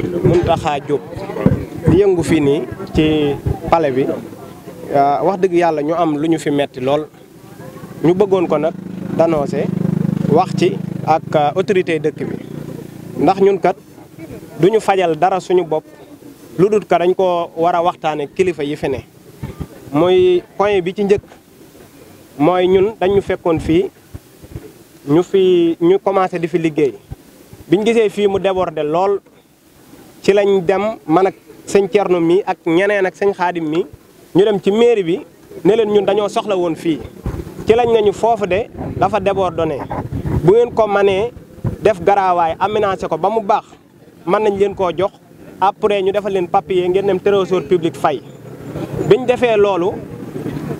Mountakha Diop di yëngu fii nii ci pale bi ah, wax dëgg yàlla ñu am lu ñu fi metti lool ñu bëggoon ko nag danoose wax ci ak ah, autorité dëkk bi ndax ñun kat duñu fajal dara suñu bopp lu dul ka dañ ko war a waxtaane kilifa yi fi ne mooy point bi ci njëkk mooy ñun dañu fekkoon fii ñu fi ñu commencé di fi liggéey biñ gisee fii mu débordé lool ci lañ dem man ak sëñ Thierno mi ak ñeneen ak sëñ Xaadim mi ñu dem ci mairie bi ne leen ñun dañoo soxla woon fii ci lañ nañu foofu de dafa débordonné bu ngeen ko manee def garaawaay aménagé ko ba mu baax mën nañ leen koo jox après ñu defal leen papier ngeen dem trésor public fay biñ defee loolu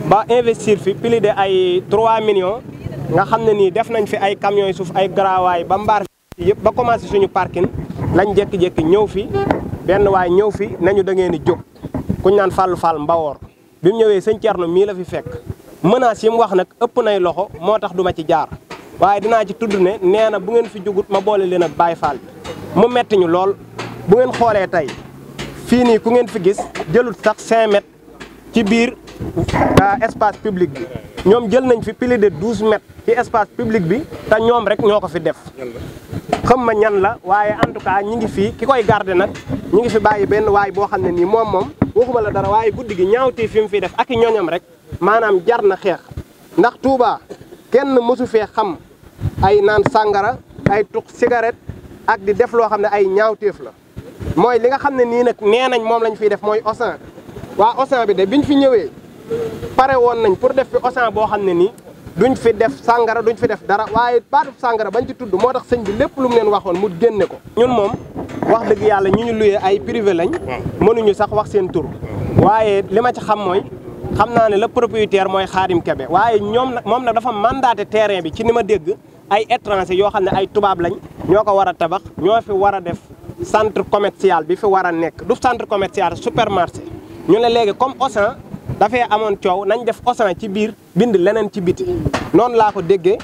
ba investir fi plus de ay 3 millions nga xam ne nii def nañ fi ay camions yi suuf ay garaawaay ba mbaar fi yëpp ba commencé suñu parking lañ jékki-jékki ñëw fi benn waay ñëw fi nañu da ngeen di jóg kuñ naan fàllu fàll mbawoor bi ñëwee sëñ Thierno mii la fi fekk menace yi mu wax nag ëpp nay loxo moo tax duma ci jaar waaye dinaa ci tudd ne nee na bu ngeen fi jugut ma boole leen ak Baye Fall mu metti ñu lool bu ngeen xoolee tey fii nii ku ngeen fi gis jëlut sax 5 ci biir euh, espace public bi ñoom jël nañ fi plus de douze mètres ci espace public bi te ñoom rek ñoo ko fi def xam ma ñan la waaye en tout cas ñi ngi fii ki koy garder nag ñi ngi fi bàyyi benn waay boo xam ne nii moom moom waxuma la dara waaye guddi gi ñaawtee yi mu fi def ak i rek maanaam jar na xeex ndax Touba kenn mësu fee xam ay naan sàngara ay tux cigarette ak di def loo xam ne ay ñaawteef la mooy li nga xam ne nii nag nee nañ moom lañu fiy def mooy Auchan waa Auchan bi de biñ fi ñëwee pare woon nañ pour def fi Auchan boo xam ne nii duñ fi def sàngara duñ fi def dara waaye baatub sàngara bañ ci tudd moo tax sëñ bi lépp lu mu leen waxoon mu génne ko ñun moom wax dëgg yàlla ñu ñu luyee ay privé lañ mënuñu sax wax seen tur waaye li ma ci xam mooy xam naa ne la propriétaire mooy Xaadim Kebe waaye ñoom nag moom nag dafa mandaté terrain bi ci ni ma dégg ay étranger yoo xam ne ay tubaab lañ ñoo ko war a tabax ñoo fi war a def centre commercial bi fi war a nekk du centre commercial supermarché ñu dafee amoon coow nañ def Auchan ci biir bind leneen ci biti noonu laa ko déggee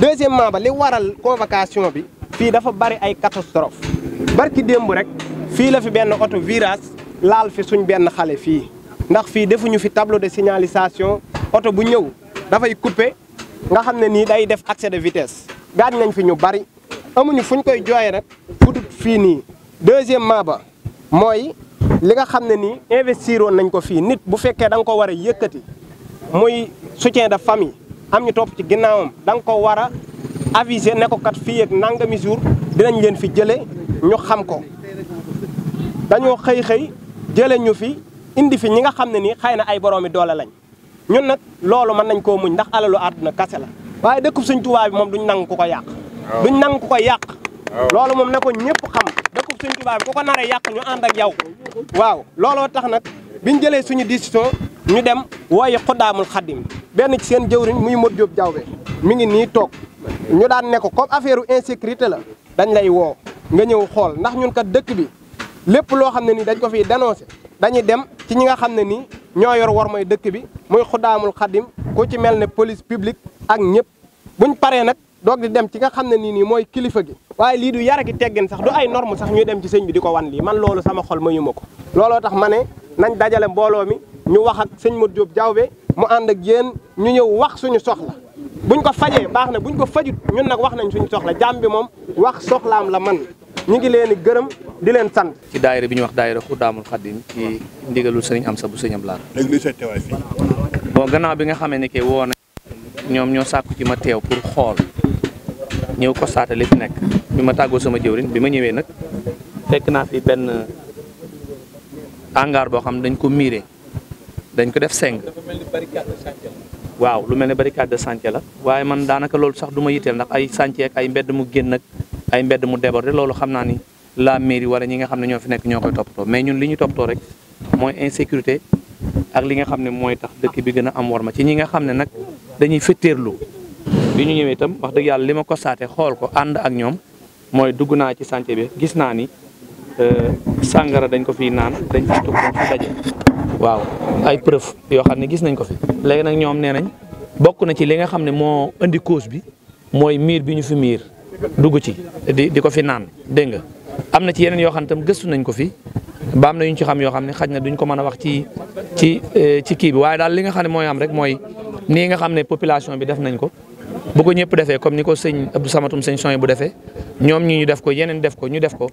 deuxièmement ba li waral convocation bi fii dafa bari ay catastrophe barki démb rek fii la fi benn oto virage laal fi suñ benn xale fii ndax fii defuñu fi tableau de signalisation oto bu ñëw dafay coupé nga xam ne nii day def accès de vitesse gaañ nañ fi ñu bari amuñu fuñ koy jooyee rek fudut fii nii deuxièmement ba mooy li nga xam ne nii investir woon nañ ko fii nit bu fekkee danga nga ko war a yëkkati muy soutien de famille am ñu topp ci ginnaawam da nga ko war a aviser ne ko kat fii ak nangami jour dinañ leen fi jële ñu xam ko dañoo xëy-xëy jëlee ñu fi indi fi ñi nga xam ne nii xëy na ay boroomi doole lañ ñun nag loolu mën nañ koo muñ ndax alalu àdduna kase la waaye dëkkub Sëñ Tuubaa moom duñ nangu ku ko yàq duñ nangu ko ko yàq loolu moom na ko ñëpp xam dëkku suñ tubaab bi ku ko naree yàq ñu ànd ak yow waaw looloo tax nag bi ñu jëlee suñu décision ñu dem wooyi xuddaamul xaddim benn ci seen jëwriñ muy Modou Diop Diawbe mi ngi nii toog ñu daan ne ko comme affaire insécurité la dañ lay woo nga ñëw xool ndax ñun kat dëkk bi lépp loo xam ne nii dañ ko fiy dénoncé dañuy dem ci ñi nga xam ne nii ñoo yor war mooy dëkk bi muy xuddaamul xaddim ku ci mel ne police publique ak ñëpp buñ paree nag doog di dem ci nga xam ne nii nii mooy kilifa gi waaye lii du yara ki teggin sax du ay norme sax ñuy dem ci sëñ bi di ko wan lii man loolu sama xol mayu ma ko looloo tax ma ne nañ dajale mbooloo mi ñu wax ak sëñ Modou Diop Diaobé mu ànd ak yéen ñu ñëw wax suñu soxla buñ ko fajee baax na buñ ko fajut ñun nag wax nañ suñu soxla jàmm bi moom wax soxlaam la man ñu ngi leen gërëm di leen sant ci daayira bi ñu wax daayira Xudaamul Xadim ci ndigalul sëriñ Amsa bu sëñ Ablaye léegi lu sa teewaay fii bon gannaaw bi nga xamee ne ke woo na ñoom ñoo sàkku ci ma teew pour xool ñëw constaté li fi nekk bi ma tàggoo sama jëwrin bi ma ñëwee nag tekk naa fi benn hangar boo xam ne dañ ko miire dañ ko def seng waaw lu mel ne barricade de chantier la waaye man daanaka loolu sax du ma yitteel ndax ay chantier ay mbedd mu génn ak ay mbedd mu débordé loolu xam naa ni la mairie wala ñi nga xam ne ñoo fi nekk ñoo koy toppatoo mais ñun li ñu toppatoo rek mooy insécurité ak li nga xam ne mooy tax dëkk bi gën a am war ma ci ñi nga xam ne nag dañuy fetteerlu bi ñu ñëwee itam wax dëgg yàlla li ma ko constaté xool ko ànd ak ñoom mooy dugg naa ci chantier bi gis naa ni euh, sàngara dañ ko fi naan dañ ay preuve yoo xam ne gis nañ ko fi léegi nag ñoom nee nañ bokk na ci li nga xam ne moo indi cause bi mooy miir bi ñu fi miir dugg ci di di ko fi naan dégg nga am na ci yeneen yoo xam ne tam gëstu nañ ko fi ba am na ñu ci xam yoo xam ne xaj na duñ ko mën a wax ci ci euh, ci kii bi waaye daal li nga xam ne mooy am rek mooy nii nga xam ne population bi def nañ ko bu ko ñëpp defee comme ni ko sëñ Abdou Samatum sëñ son bu defee ñoom ñi ñu def ko yeneen def ko ñu def ko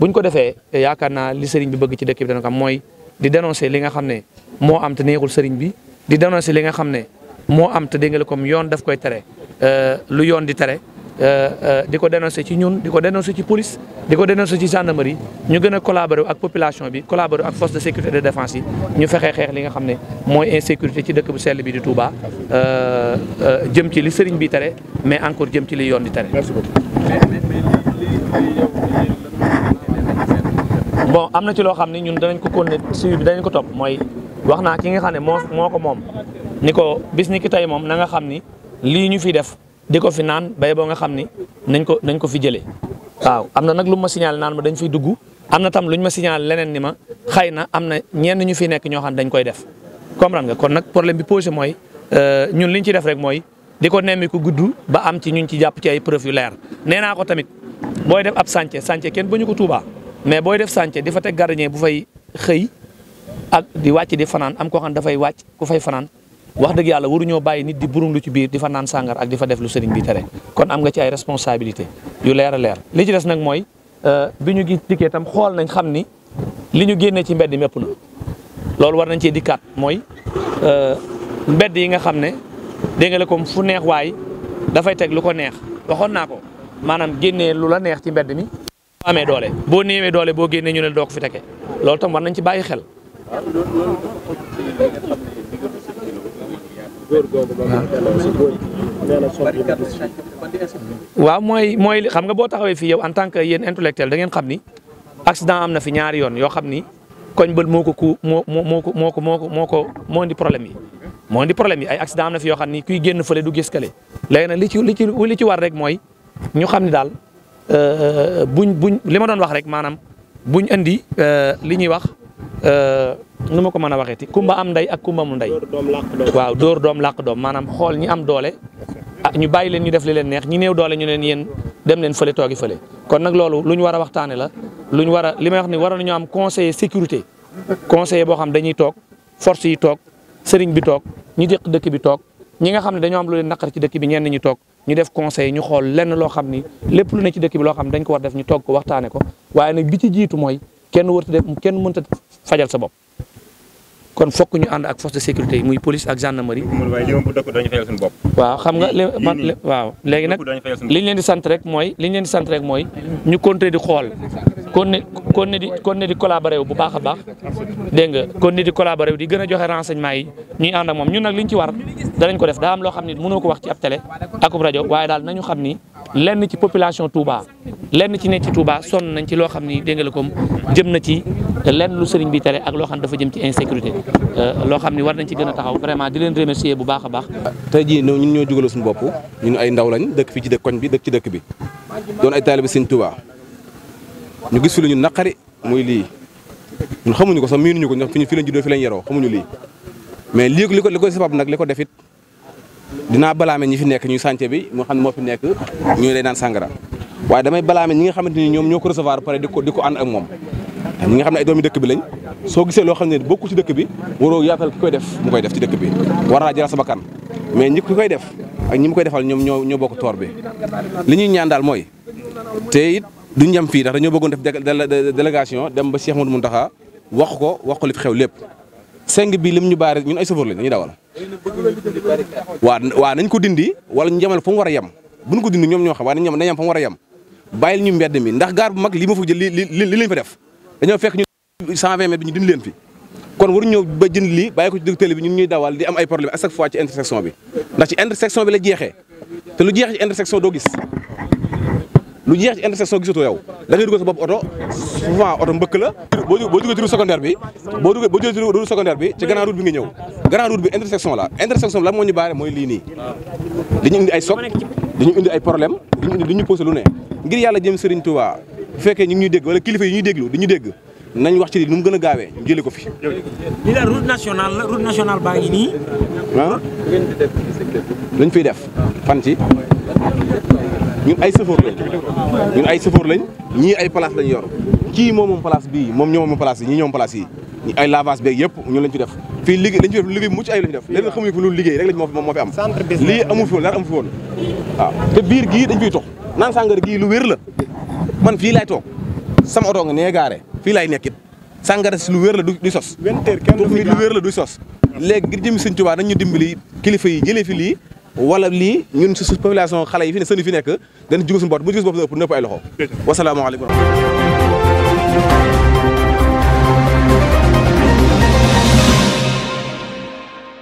buñ ko defee yaakaar naa li sëriñ bi bëgg ci dëkk bi dana ko am mooy di dénoncer li nga xam ne moo am te neexul seriñ bi di dénoncer li nga xam ne moo am te dégg nga comme yoon daf koy tere euh, lu yoon di tere Euh, euh, di ko dénoncé ci ñun di ko dénoncé ci police di ko dénoncé ci gendarmerie ñu gën a collaborer ak population bi collaborer ak force de sécurité et de défense yi ñu fexee xeex li nga xam ne mooy insécurité ci dëkk bu sell bi di Touba euh, jëm ci li sëriñ bi tere mais encore jëm ci li yoon di tere. merci beaucoup. am na ci loo xam ne ñun danañ ko continuer suivi ko topp mooy wax naa ki nga xam ne moo moo ko moom ni ko bis ni moom nanga xam ni lii ñu fi def. di ko fi naan bay boo nga xam ni nañ ko nañ ko fi jëlee waaw am na nag lu ma signalé naan ma dañ fiy dugg am na tam luñ ma signalé leneen ni ma xay na am na ñenn ñu fi nekk ñoo xam dañ koy def comprendre nga kon nag problème bi posé mooy euh, ñun liñ ci def rek mooy di ko nemmi ku gudd ba am ci ñun ci jàpp ci ay preuve yu nee naa ko tamit booy def ab sance sance kenn ñu ko Touba mais booy def sànce di fa teg gardien bu fay xëy ak di wàcc di fanaan am koo xam dafay wàcc ku fay fanaan wax dëgg yàlla waruñoo bàyyi nit di burum lu ci biir di fa naan sàngar ak di fa def lu sëriñ bi tere kon am nga ci ay responsabilité yu leer a leer li ci des nag mooy euh, bi ñu gis dikkee tam xool nañ xam ni li ñu génnee ci mbedd mépp na loolu war nañ cee dikkaat mooy euh, mbedd yi nga xam ne dégg nga comme fu neex waaye dafay teg lu ko neex waxoon naa ko maanaam génnee lu la neex ci mbedd mi boo amee doole boo néewee doole boo génnee ñu ne doo ko fi teke loolu tam war nañ ci bàyyi xel waaw mooy mooy xam nga boo taxawee fi yow en tant que yéen intellectuel da ngeen xam ni accident am na fi ñaari yoon yoo xam ni koñ bël moo ko ku moo moo ko moo ko moo ko moo ko moo problème yi moo indi problème yi ay accident am na fi yoo xam ni kuy génn fële du gis kale léegi na li li ci li ci war rek mooy ñu xam ni daal euh, buñ buñ li ma doon wax rek maanaam buñ indi euh, li wax euh, nu ma ko mën a waxee waxeeti kumba am ndey ak kumba mu ndey waaw door doom làq doom maanaam xool ñi am doole ah ñu bàyyi leen ñu def li leen neex ñi new doole ñu leen yéen dem leen fële toogi fële kon nag loolu lu ñu war a waxtaane la lu ñu war a li may wax ni waroon nañoo am conseiller sécurité conseiller boo xam dañuy toog force yi toog sëriñ bi toog ñi dëkk dëkk bi toog ñi nga xam ne dañoo am lu leen naqar ci dëkk bi ñenn ñi toog ñu def conseil ñu xool lenn loo xam ni lépp lu ne ci dëkk bi loo xam ne dañ ko war def ñu toog ko waxtaane ko waaye nag bi ci jiitu mooy kenn wërta def kenn mënta fajal sa bopp kon fokk ñu ànd ak force de sécurité yi muy police ak gendarmerie. waaw xam nga li man waaw léegi nag li ñu leen di sant rek mooy li ñu leen di sant rek mooy ñu continuer di xool kon ne kon ne di kon ne di collaborer wu bu baax a baax dégg nga kon ne di collaborer wu di gën a joxe renseignement yi ñuy ànd ak moom ñun nag liñ ci war danañ ko def daa am loo xam ni mënoo ko wax ci ab télé akub rajo waaye daal nañu xam ni lenn ci population Touba lenn ci nekk ci Touba son nañ ci loo xam ni dégg nga la jëm na ci lenn lu sëriñ bi tere ak loo xam dafa jëm ci insécurité euh, loo xam ni war nañ ci gën a taxaw vraiment di leen remercier bu baax a baax. tey jii ñun ñoo jugaloo suñu bopp ñu ay ndaw lañ dëkk fii ci dëkk bi dëkk ci dëkk bi doon ay taalibe sëriñ Touba ñu gis fi lu ñu naqari muy lii ñun xamuñu ko sax miinuñu ko ndax fi ñu fi lañ juddoo fi lañ yaroo xamuñu lii mais lii li ko li ko sabab nag li ko def it dinaa balaame ñi fi nekk ñuy santé bi moo xam ne moo fi nekk ñu lay naan sàngara waaye damay balaame ñi nga xamante ni ñoom ñoo ko recevoir pare di ko di ko ànd ak moom ñi nga xam ne ay doomi dëkk bi lañ soo gisee loo xam ne bokku ci dëkk bi waroo yaatal ki koy def mu koy def ci dëkk bi war naa jël sa bakkan mais ñi ki koy def ak mu koy defal ñoom ñoo ñoo bokk toor bi li ñuy ñaan daal mooy te it duñ yem fii ndax dañoo bëggoon def délégation dem ba Cheikh Mouhamadou Mountakha wax ko wax ko li fi xew lépp seng bi lim ñu baare ñun ay chauffeur lañ dañuy dawal waa waaw nañ ko dindi wala ñu yemal fa war a yem bu ñu ko dindi ñoom ñoo xam waaye nañ yem fa mu war a yem bàyyil ñu mbedd mi ndax gaar bu mag lii ma fa jël lii lii li lañ fa fekk ñu 120 mètres bi ñu dindi leen fi kon war ñëw ba jënd lii bàyyi ko ci dëgg télé bi ñun ñuy dawal di am ay problème à chaque fois ci intersection bi ndax ci intersection bi la jeexee te lu jeexee ci intersection doo gis lu jeex ci intersection gisatoo yow da ngay dugal sa bopp oto souvent oto mbëkk la boo boo duggee ci route secondaire bi boo duggee boo duggee ci route secondaire bi ci grand route bi nga ñëw grand route bi intersection la intersection bi la moo ñu baare mooy lii nii dañu indi ay soc dañu indi ay problème dañu indi dañu posé lu ne ngir yàlla jëm Serigne Touba bu fekkee ñu ngi ñuy dégg wala kilifa yi ñuy déglu dañuy dégg nañ wax ci li mu gën a gaawee ñu jëlee ko fi. lii daal route nationale la route nationale baa ngi nii. ah. lañ fiy def fan ci. ñun ay sëfoor lañ ñun ay sëfoor lañ ñii ay place lañ yor kii moom moom place bii moom ñoo moom place yi ñii ñoom place yi ñu ay lavage beeg yëpp ñun lañ ci def fii liggéey lañ ci def liggéey mucc ay lañ ci def leneen xamuñu ko loolu liggéey rek lañ moo am lii amu fi te biir gii dañ fiy tox naan sàngara gii lu wér la man fii laay toog sama oto nga nee gaare fii laay nekk it si lu wér la du sos toog mi lu wér la du sos léegi ngir jëmi sëñ Tuubaa ñu dimbali kilifa yi jëlee fi lii wala lii ñun su population xale yi fi ne sëni fi nekk dan jugu si bopp mu ñu jugu suñu bopp ëpp nëpp ay loxo wasalaamaaleykum